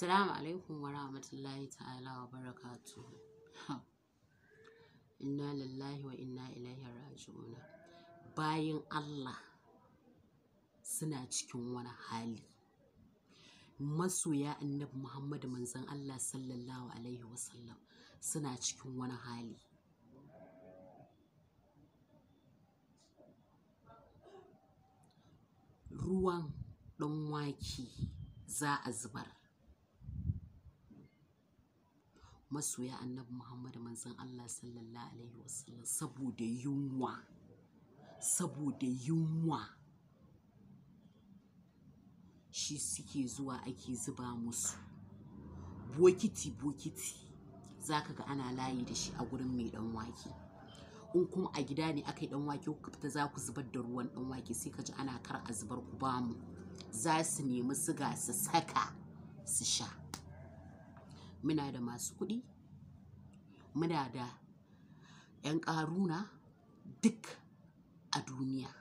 Assalamu alaikum wa rahmatullahi ta'ala wa barakatuh. Inna lillahi wa inna ilaihi raji'un. Bayin Allah suna cikin wani hali. Masoya annabi Muhammad manzon Allah sallallahu alaihi wa sallam suna cikin wani hali. Ruwan ɗan wake za a zubar. masoya annabi Muhammad manzon Allah sallallahu alaihi wasallam saboda yunwa saboda yunwa shi suke zuwa ake zuba musu bokiti bokiti zaka ga ana layi da shi a gurin mai dan wake in kuma a gida ne aka yi dan wake ku fita za ku zubar da ruwan dan wake sai ka ji ana kar a zubar ku bamu za su nemi siga su saka su sha muna da masu kuɗi muna da 'yan ƙaruna duk a duniya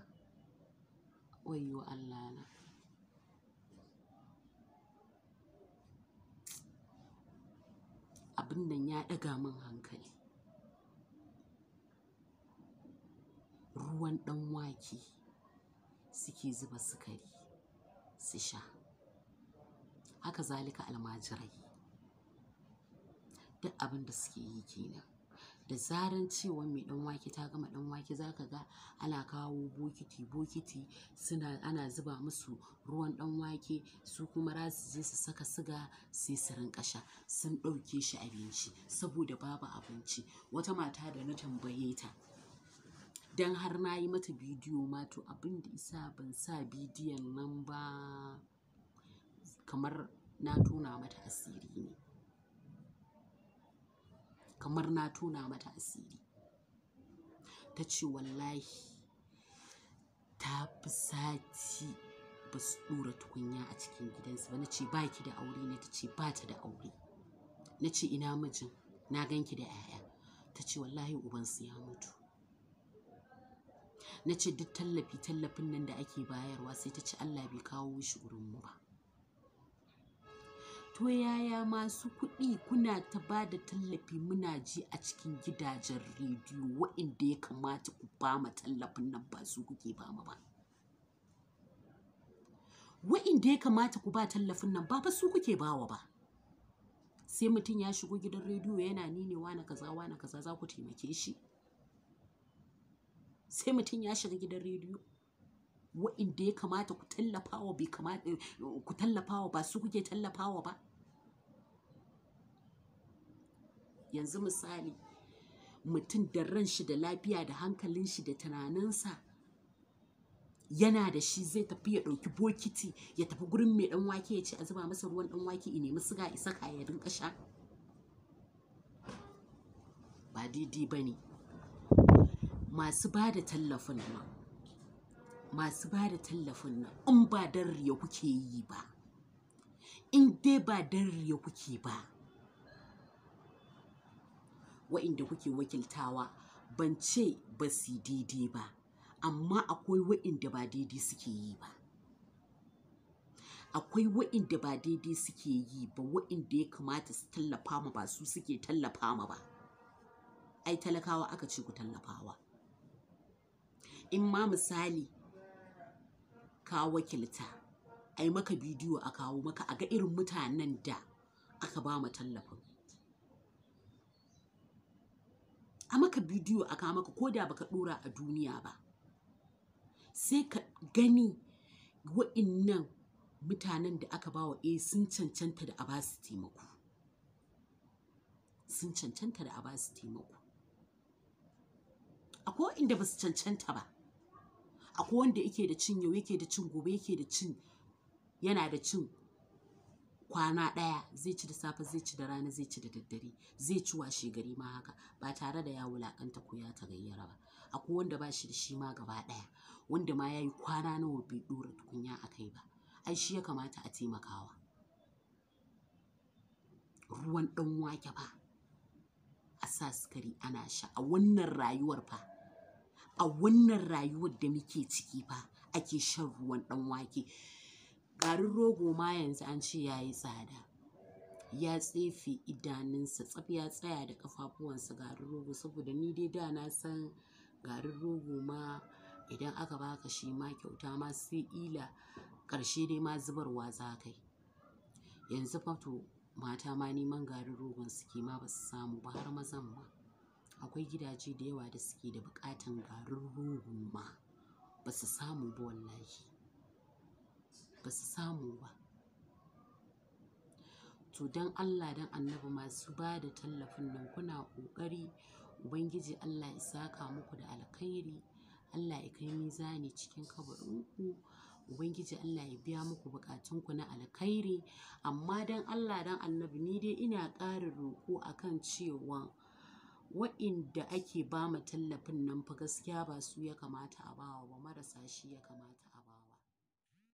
wayo Allah na abin nan ya ɗaga min hankali ruwan ɗan wake suke zuba sukari su sha haka zalika almajirai duk abin da suke yi kenan da zaran cewa mai dan wake ta gama dan wake zaka ga ana kawo bokiti bokiti suna ana zuba musu ruwan dan wake su kuma za su je su saka siga sai su rinka sha sun ɗauke shi abinci saboda babu abinci wata mata da na tambaye ta dan har na yi mata bidiyo ma to abin da isa ban sa bidiyon nan ba kamar na tona mata asiri ne kamar na tona mata asiri ta ce wallahi ta fi sati ba su dora tukunya a cikin gidansu ba na ce ba ki da aure ne ta ce ba ta da aure na ce ina mijin na ganki da 'ya'ya ta ce wallahi ubansu ya mutu na ce duk tallafi tallafin nan da ake bayarwa sai ta ce allah bai kawo shi mu ba To yaya masu kuɗi kuna ta ba da tallafi muna ji a cikin gidajen rediyo waɗanda ya kamata ku ba ma tallafin nan ba su kuke ba ma ba. Waɗanda ya kamata ku ba tallafin nan ba su kuke ba wa ba. Sai mutum ya shigo gidan rediyo yana nini na kaza wa kaza za ku taimake shi. Sai mutum ya shiga gidan rediyo. wa'inda ya kamata ku tallafawa bai kamata eh, ku tallafawa ba su kuke tallafawa ba yanzu misali mutum da ran shi da lafiya da hankalin shi da tunaninsa yana da shi zai tafi ya ɗauki bokiti ya tafi gurin mai ɗan wake ya ce a zuba masa ruwan ɗan wake ya nemi siga isa ka ya rinka sha ba daidai ba ne masu ba da tallafin nan masu ba da tallafin nan in ba don riya kuke yi ba in dai ba don riya kuke ba wa'inda kuke wakiltawa ban ce ba su daidai ba amma akwai wa'inda ba daidai suke yi ba akwai wa'inda ba daidai suke yi ba wa'inda ya kamata su tallafa ma ba su suke tallafa ma ba ai talakawa aka ce ku tallafawa in ma misali ka wakilta a yi maka bidiyo a kawo maka a ga irin mutanen da aka ba ma tallafin a maka bidiyo a kawo maka ko da baka dora a duniya ba sai ka gani wa'innan mutanen da aka ba wa a eh, sun cancanta da a ba su taimako sun cancanta da a ba su taimako akwai inda ba su cancanta ba akwai wanda yake da cin yau yake da cin gobe yake da cin yana da cin kwana ɗaya zai ci da safe zai ci da rana zai ci da daddare zai ci washe gari ma haka ba tare da ya wulakanta ko ya tagayyara ba akwai wanda ba shi da shi ma gaba ɗaya wanda ma ya yi kwana nawa bai ɗora tukunya a kai ba ai shi ya kamata a taimakawa ruwan ɗan wake fa a sa sukari ana sha a wannan rayuwar fa a wannan rayuwar da muke ciki fa ake shan ruwan ɗan wake garin rogo ma yanzu an ce ya yi tsada ya tsefe idanunsa tsaf ya tsaya da kafafuwansa garin rogo saboda ni dai da na san garin rogo ma idan aka baka shi ma kyauta ma sai ila ƙarshe dai ma zubarwa za kai yanzu fato mata ma neman garin rogon suke ma ba su samu ba har mazan ma akwai gidaje da yawa da suke da bukatan garin rogo ma ba su samu ba wallahi ba su samu ba to don Allah dan annabi masu ba da tallafin nan kuna ƙoƙari ubangiji Allah ya saka muku da alkhairi Allah ya kai mizani cikin kabarinku ubangiji Allah ya biya muku bukatunku na alkhairi amma don Allah dan annabi ni dai ina ƙara roko akan cewa Waɗanda ake ba ma tallafin nan fa gaskiya ba su ya kamata a bawa ba marasa shi ya kamata